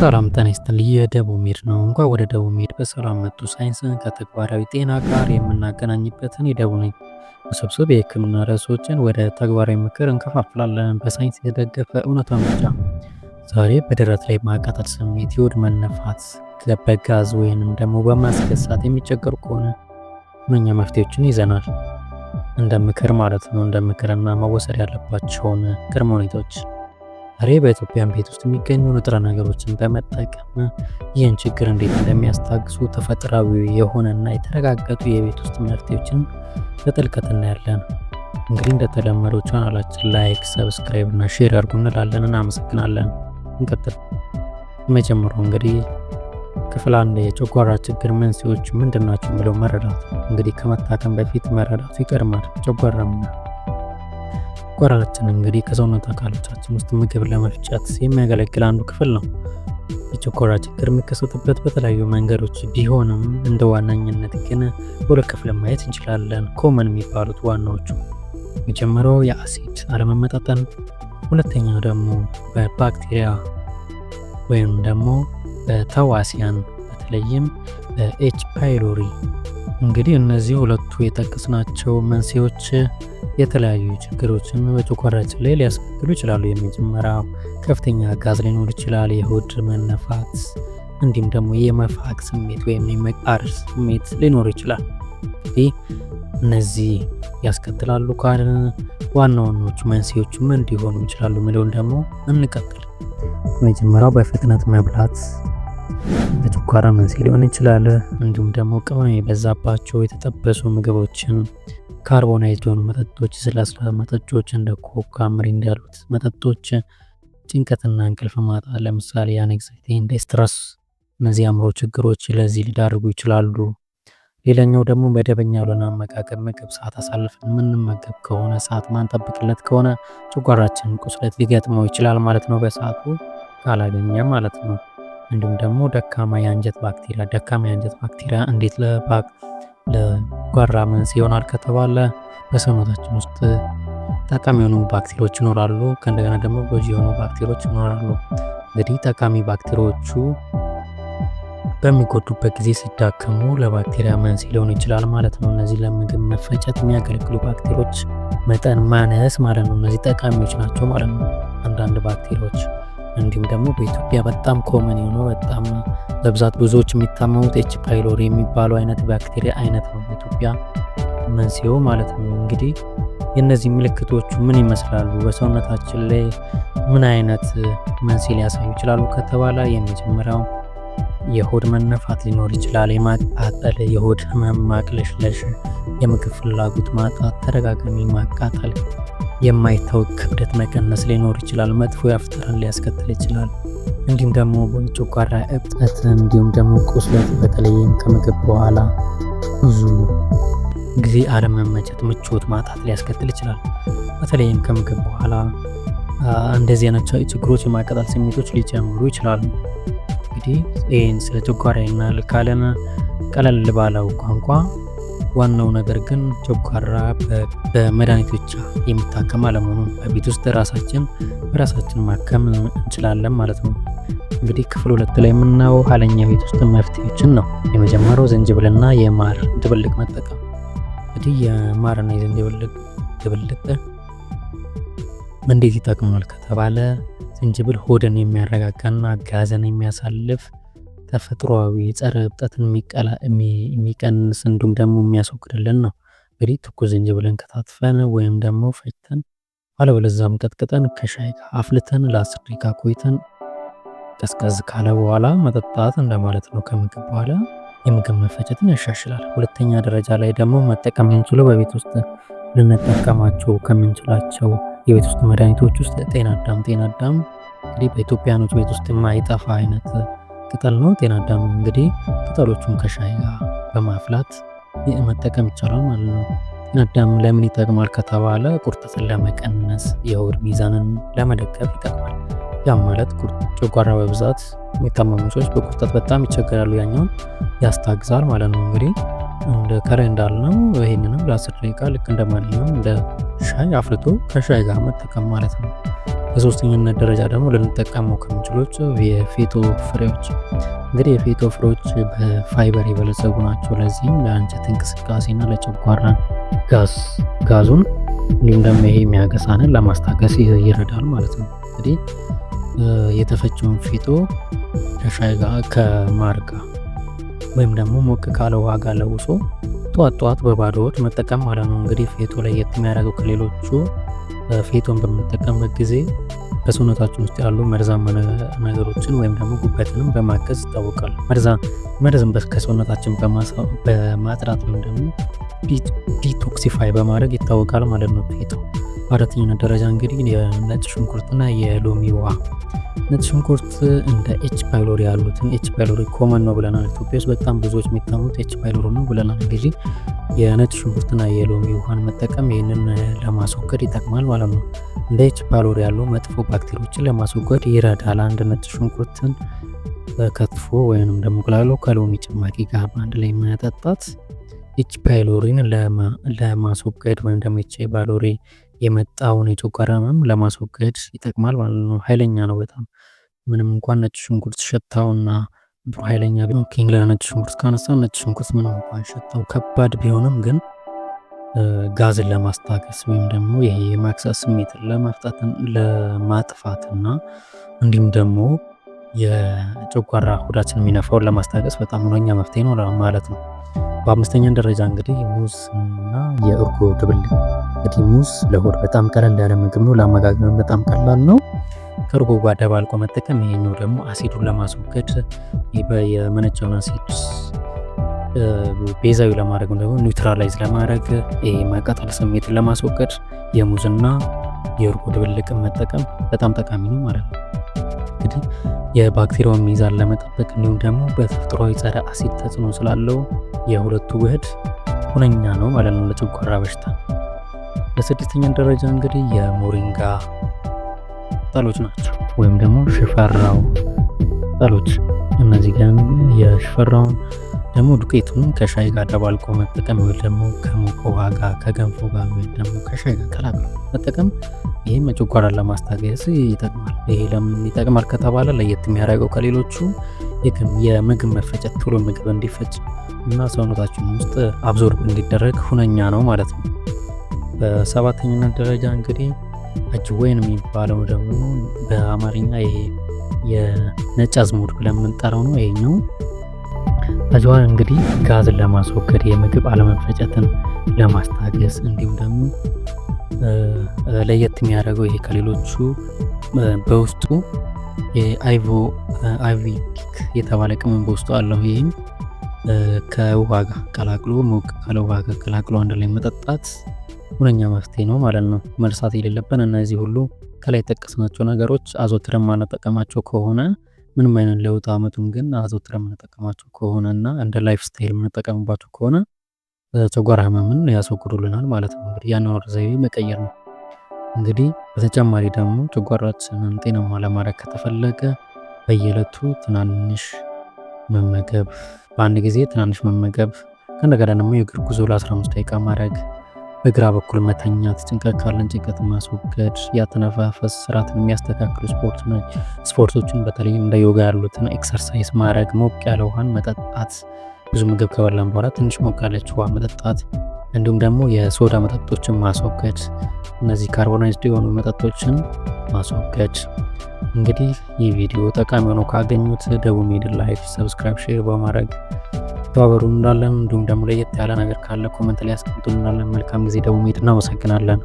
ሰላም ጤና ይስጥልኝ። የደቡብ ሜድ ነው። እንኳን ወደ ደቡብ ሜድ በሰላም መጡ። ሳይንስን ከተግባራዊ ጤና ጋር የምናገናኝበትን የደቡብ ሜድ ውስብስብ የሕክምና ርዕሶችን ወደ ተግባራዊ ምክር እንከፋፍላለን። በሳይንስ የተደገፈ እውነታ ምርጫ። ዛሬ በደረት ላይ ማቃጠል ስሜት፣ የሆድ መነፋት በጋዝ ወይንም ደግሞ በማስገሳት የሚቸገሩ ከሆነ ምንኛ መፍትሄዎችን ይዘናል። እንደ ምክር ማለት ነው። እንደ ምክርና መወሰድ ያለባቸውን ቅድመ ሁኔታዎች ዛሬ በኢትዮጵያን ቤት ውስጥ የሚገኙ ንጥረ ነገሮችን በመጠቀም ይህን ችግር እንዴት እንደሚያስታግሱ ተፈጥሯዊ የሆነና የተረጋገጡ የቤት ውስጥ መፍትሄዎችን በጥልቀት እናያለን። እንግዲህ እንደተለመደው ቻናላችን ላይክ፣ ሰብስክራይብ እና ሼር አድርጉ እንላለን። እናመሰግናለን። እንቀጥል። የመጀመሩ እንግዲህ ክፍል አንድ የጨጓራ ችግር መንስኤዎች ምንድን ናቸው የሚለው መረዳት። እንግዲህ ከመታከም በፊት መረዳቱ ይቀድማል። ጨጓራ ቆዳችን እንግዲህ ከሰውነት አካሎቻችን ውስጥ ምግብ ለመፍጨት የሚያገለግል አንዱ ክፍል ነው። የጨጓራ ችግር የሚከሰትበት በተለያዩ መንገዶች ቢሆንም እንደ ዋነኝነት ግን በሁለት ክፍል ማየት እንችላለን። ኮመን የሚባሉት ዋናዎቹ መጀመሪያው የአሲድ አለመመጣጠን፣ ሁለተኛው ደግሞ በባክቴሪያ ወይም ደግሞ በተዋሲያን በተለይም በኤች ፓይሎሪ። እንግዲህ እነዚህ ሁለ የጠቀስናቸው መንስኤዎች የተለያዩ ችግሮችን በጨጓራችን ላይ ሊያስከትሉ ይችላሉ። የመጀመሪያው ከፍተኛ ጋዝ ሊኖር ይችላል፣ የሆድ መነፋት፣ እንዲሁም ደግሞ የመፋቅ ስሜት ወይም የመቃር ስሜት ሊኖር ይችላል። እንግዲህ እነዚህ ያስከትላሉ ካልን ዋና ዋናዎቹ መንስኤዎቹ እንዲሆኑ ይችላሉ የሚለውን ደግሞ እንቀጥል። መጀመሪያው በፍጥነት መብላት ለጨጓራ መንስኤ ሊሆን ይችላል። እንዲሁም ደግሞ ቅመም የበዛባቸው የተጠበሱ ምግቦችን፣ ካርቦናይት የሆኑ መጠጦች፣ ስላስላ መጠጦች እንደ ኮካ፣ ሚሪንዳ ያሉት መጠጦች፣ ጭንቀትና እንቅልፍ ማጣ ለምሳሌ አንግዛይቲ እንደ ስትረስ፣ እነዚህ አእምሮ ችግሮች ለዚህ ሊዳርጉ ይችላሉ። ሌላኛው ደግሞ መደበኛ ያልሆነ አመጋገብ፣ ምግብ ሰዓት አሳልፈን የምንመገብ ከሆነ ሰዓት ማንጠብቅለት ከሆነ ጨጓራችን ቁስለት ሊገጥመው ይችላል ማለት ነው፣ በሰዓቱ ካላገኘ ማለት ነው። እንዲሁም ደግሞ ደካማ የአንጀት ባክቴሪያ ደካማ የአንጀት ባክቴሪያ እንዴት ለጓራ መንስኤ ይሆናል ከተባለ በሰውነታችን ውስጥ ጠቃሚ የሆኑ ባክቴሪያዎች ይኖራሉ፣ ከእንደገና ደግሞ ጎጂ የሆኑ ባክቴሪዎች ይኖራሉ። እንግዲህ ጠቃሚ ባክቴሪዎቹ በሚጎዱበት ጊዜ ሲዳከሙ ለባክቴሪያ መንስኤ ሊሆን ይችላል ማለት ነው። እነዚህ ለምግብ መፈጨት የሚያገለግሉ ባክቴሪዎች መጠን ማነስ ማለት ነው። እነዚህ ጠቃሚዎች ናቸው ማለት ነው። አንዳንድ ባክቴሪዎች እንዲሁም ደግሞ በኢትዮጵያ በጣም ኮመን የሆነው በጣም በብዛት ብዙዎች የሚታመሙት ኤች ፓይሎሪ የሚባለው አይነት ባክቴሪያ አይነት ነው። በኢትዮጵያ መንስኤው ማለት ነው። እንግዲህ የእነዚህ ምልክቶቹ ምን ይመስላሉ? በሰውነታችን ላይ ምን አይነት መንስኤ ሊያሳዩ ይችላሉ ከተባለ የመጀመሪያው የሆድ መነፋት ሊኖር ይችላል። የማቃጠል፣ የሆድ ህመም፣ ማቅለሽለሽ፣ የምግብ ፍላጎት ማጣት፣ ተደጋጋሚ ማቃጠል የማይታወቅ ክብደት መቀነስ ሊኖር ይችላል። መጥፎ የአፍ ሊያስከትል ይችላል። እንዲሁም ደግሞ ጨጓራ እብጠት፣ እንዲሁም ደግሞ ቁስለት፣ በተለይም ከምግብ በኋላ ብዙ ጊዜ አለመመቸት፣ ምቾት ማጣት ሊያስከትል ይችላል። በተለይም ከምግብ በኋላ እንደዚህ አይነት ችግሮች የማቀጣል ስሜቶች ሊጀምሩ ይችላሉ። እንግዲህ ይህን ስለ ጨጓራና ልካለን ቀለል ባለው ቋንቋ ዋናው ነገር ግን ጨጓራ በመድኃኒት ብቻ የሚታከም አለመሆኑን በቤት ውስጥ ራሳችን በራሳችን ማከም እንችላለን ማለት ነው። እንግዲህ ክፍል ሁለት ላይ የምናየው ኋለኛ ቤት ውስጥ መፍትሄዎችን ነው። የመጀመሪያው ዝንጅብልና የማር ድብልቅ መጠቀም። እንግዲህ የማርና የዝንጅብል ድብልቅ እንዴት ይጠቅማል ከተባለ ዝንጅብል ሆድን የሚያረጋጋና ጋዘን የሚያሳልፍ ተፈጥሮዊ ፀረ እብጠትን የሚቀንስ እንዲሁም ደግሞ የሚያስወግድልን ነው። እንግዲህ ትኩስ ዝንጅብልን ከታትፈን ወይም ደግሞ ፈጭተን አለበለዛም ቀጥቅጠን ከሻይ ጋር አፍልተን ለአስር ደቂቃ ቆይተን ቀዝቀዝ ካለ በኋላ መጠጣት እንደማለት ነው። ከምግብ በኋላ የምግብ መፈጨትን ያሻሽላል። ሁለተኛ ደረጃ ላይ ደግሞ መጠቀም የምንችለው በቤት ውስጥ ልንጠቀማቸው ከምንችላቸው የቤት ውስጥ መድኃኒቶች ውስጥ ጤና አዳም ጤና አዳም እንግዲህ በኢትዮጵያኖች ቤት ውስጥ የማይጠፋ አይነት ቅጠል ነው። ጤና አዳም እንግዲህ ቅጠሎቹን ከሻይ ጋር በማፍላት መጠቀም ይቻላል ማለት ነው። ጤና አዳም ለምን ይጠቅማል ከተባለ ቁርጠትን ለመቀነስ፣ የሆድ ሚዛንን ለመደገፍ ይጠቅማል። ያም ማለት ጨጓራ በብዛት የሚታመሙ ሰዎች በቁርጠት በጣም ይቸገራሉ። ያኛውን ያስታግዛል ማለት ነው። እንግዲህ እንደ ከላይ እንዳልነው ይህንንም ለአስር ደቂቃ ልክ እንደማንኛውም እንደ ሻይ አፍልቶ ከሻይ ጋር መጠቀም ማለት ነው። በሶስተኛነት ደረጃ ደግሞ ልንጠቀመው ከምንችሎች የፌቶ ፍሬዎች እንግዲህ የፌቶ ፍሬዎች በፋይበር የበለጸጉ ናቸው። ለዚህም ለአንጀት እንቅስቃሴና ለጨጓራ ጋዝ ጋዙን እንዲሁም ደግሞ ይሄ የሚያገሳንን ለማስታገስ ይረዳል ማለት ነው። እንግዲህ የተፈጨውን ፌቶ ከሻይ ጋር ከማር ጋር ወይም ደግሞ ሞቅ ካለ ውሃ ጋር ለውሶ ጠዋት ጠዋት በባዶ መጠቀም ማለት ነው። እንግዲህ ፌቶ ለየት የሚያደርገው ከሌሎቹ ፌጦን በምንጠቀምበት ጊዜ በሰውነታችን ውስጥ ያሉ መርዛማ ነገሮችን ወይም ደግሞ ጉበትንም በማገዝ ይታወቃሉ። መርዛ መርዝን ከሰውነታችን በማጥራት ወይም ደግሞ ዲቶክሲፋይ በማድረግ ይታወቃል ማለት ነው ፌጦ። በአራተኛነት ደረጃ እንግዲህ የነጭ ሽንኩርትና የሎሚ ውሃ ነጭ ሽንኩርት እንደ ኤች ፓይሎሪ ያሉትን ኤች ፓይሎሪ ኮመን ነው ብለናል። ኢትዮጵያ ውስጥ በጣም ብዙዎች የሚታሙት ኤች ፓይሎሪ ነው ብለናል። እንግዲህ የነጭ ሽንኩርትና የሎሚ ውሃን መጠቀም ይህንን ለማስወገድ ይጠቅማል ማለት ነው። እንደ ኤች ፓይሎሪ ያሉ መጥፎ ባክቴሪዎችን ለማስወገድ ይረዳል። አንድ ነጭ ሽንኩርትን ከትፎ ወይንም ደግሞ ቅላሎ ከሎሚ ጭማቂ ጋር በአንድ ላይ መጠጣት ኤች ፓይሎሪን ለማስወገድ ወይም ደግሞ ኤች ፓይሎሪ የመጣውን የጨጓራ ህመም ለማስወገድ ይጠቅማል ማለት ነው። ሀይለኛ ነው በጣም ምንም እንኳን ነጭ ሽንኩርት ሽታውና ሀይለኛ ቢሆን ለነጭ ሽንኩርት ካነሳ ነጭ ሽንኩርት ምንም እንኳን ሸታው ከባድ ቢሆንም ግን ጋዝን ለማስታገስ ወይም ደግሞ ይሄ የማክሳት ስሜትን ለማፍጣት ለማጥፋትና እንዲሁም ደግሞ የጨጓራ ሆዳችን የሚነፋውን ለማስታገስ በጣም ሁነኛ መፍትሄ ነው ማለት ነው። በአምስተኛ ደረጃ እንግዲህ ሙዝ እና የእርጎ ድብልቅ እንግዲህ ሙዝ ለሆድ በጣም ቀለል ያለ ምግብ ነው። ለአመጋገብ በጣም ቀላል ነው። ከእርጎ ጋር ደባልቆ መጠቀም ይሄኛው ደግሞ አሲዱን ለማስወገድ የመነጨውን አሲድ ቤዛዊ ለማድረግ ደግሞ ኒውትራላይዝ ለማድረግ የማቃጠል ስሜትን ለማስወገድ የሙዝና የእርጎ ድብልቅን መጠቀም በጣም ጠቃሚ ነው ማለት ነው። እንግዲህ የባክቴሪያውን ሚዛን ለመጠበቅ እንዲሁም ደግሞ በተፈጥሯዊ ጸረ አሲድ ተጽዕኖ ስላለው የሁለቱ ውህድ ሁነኛ ነው ማለት ነው ለጨጓራ በሽታ። በስድስተኛ ደረጃ እንግዲህ የሞሪንጋ ጠሎች ናቸው፣ ወይም ደግሞ ሽፈራው ጠሎች እነዚህ ጋር የሽፈራውን ደግሞ ዱቄቱን ከሻይ ጋር ደባልቆ መጠቀም ወይም ደግሞ ከሞቀ ውሃ ጋር ከገንፎ ጋር ወይም ደግሞ ከሻይ ጋር ቀላቅሎ መጠቀም፣ ይህም ጨጓራን ለማስታገስ ይጠቅማል። ይሄ ለምን ይጠቅማል ከተባለ ለየት የሚያደርገው ከሌሎቹ የምግብ መፈጨት ቶሎ ምግብ እንዲፈጭ እና ሰውነታችን ውስጥ አብዞርብ እንዲደረግ ሁነኛ ነው ማለት ነው። በሰባተኝነት ደረጃ እንግዲህ አጅወይን የሚባለው ደግሞ በአማርኛ ይሄ የነጭ አዝሙድ ብለን የምንጠራው ነው። ይሄኛው አጅዋን እንግዲህ ጋዝን ለማስወገድ የምግብ አለመፈጨትን ለማስታገስ፣ እንዲሁም ደግሞ ለየት የሚያደርገው ይሄ ከሌሎቹ በውስጡ የአይቮ አይቪክ የተባለ ቅመም በውስጡ አለው። ይህም ከውሃ ጋር ቀላቅሎ ሞቅ ካለ ውሃ ጋር ቀላቅሎ አንድ ላይ መጠጣት ሁነኛ መፍትሄ ነው ማለት ነው። መርሳት የሌለብን እነዚህ ሁሉ ከላይ የጠቀስናቸው ነገሮች አዘውትረን ማንጠቀማቸው ከሆነ ምንም አይነት ለውጥ አመቱም ግን አዘውትረን የምንጠቀማቸው ከሆነ እና እንደ ላይፍ ስታይል የምንጠቀምባቸው ከሆነ ጨጓራ ህመምን ያስወግዱልናል ማለት ነው። እንግዲህ የአኗኗር ዘይቤ መቀየር ነው። እንግዲህ በተጨማሪ ደግሞ ጨጓራችንን ጤናማ ለማድረግ ከተፈለገ በየዕለቱ ትናንሽ መመገብ፣ በአንድ ጊዜ ትናንሽ መመገብ ከእንደገና ደግሞ የእግር ጉዞ ለ15 ደቂቃ ማድረግ በግራ በኩል መተኛት፣ ጭንቀት ካለን ጭንቀት ማስወገድ፣ ያተነፋፈስ ስርዓትን የሚያስተካክሉ ስፖርት ስፖርቶችን በተለይም እንደ ዮጋ ያሉትን ኤክሰርሳይዝ ማድረግ፣ ሞቅ ያለ ውሃን መጠጣት፣ ብዙ ምግብ ከበላን በኋላ ትንሽ ሞቅ ያለች ውሃ መጠጣት፣ እንዲሁም ደግሞ የሶዳ መጠጦችን ማስወገድ፣ እነዚህ ካርቦናይዝድ የሆኑ መጠጦችን ማስወገድ። እንግዲህ ይህ ቪዲዮ ጠቃሚ ሆኖ ካገኙት ደቡብ ሜድ ላይፍ ሰብስክራይብ፣ ሼር በማድረግ ተባበሩ እንላለን። እንዲሁም ደግሞ ለየት ያለ ነገር ካለ ኮመንት ላይ አስቀምጡ እንላለን። መልካም ጊዜ ደግሞ ሜት እናመሰግናለን።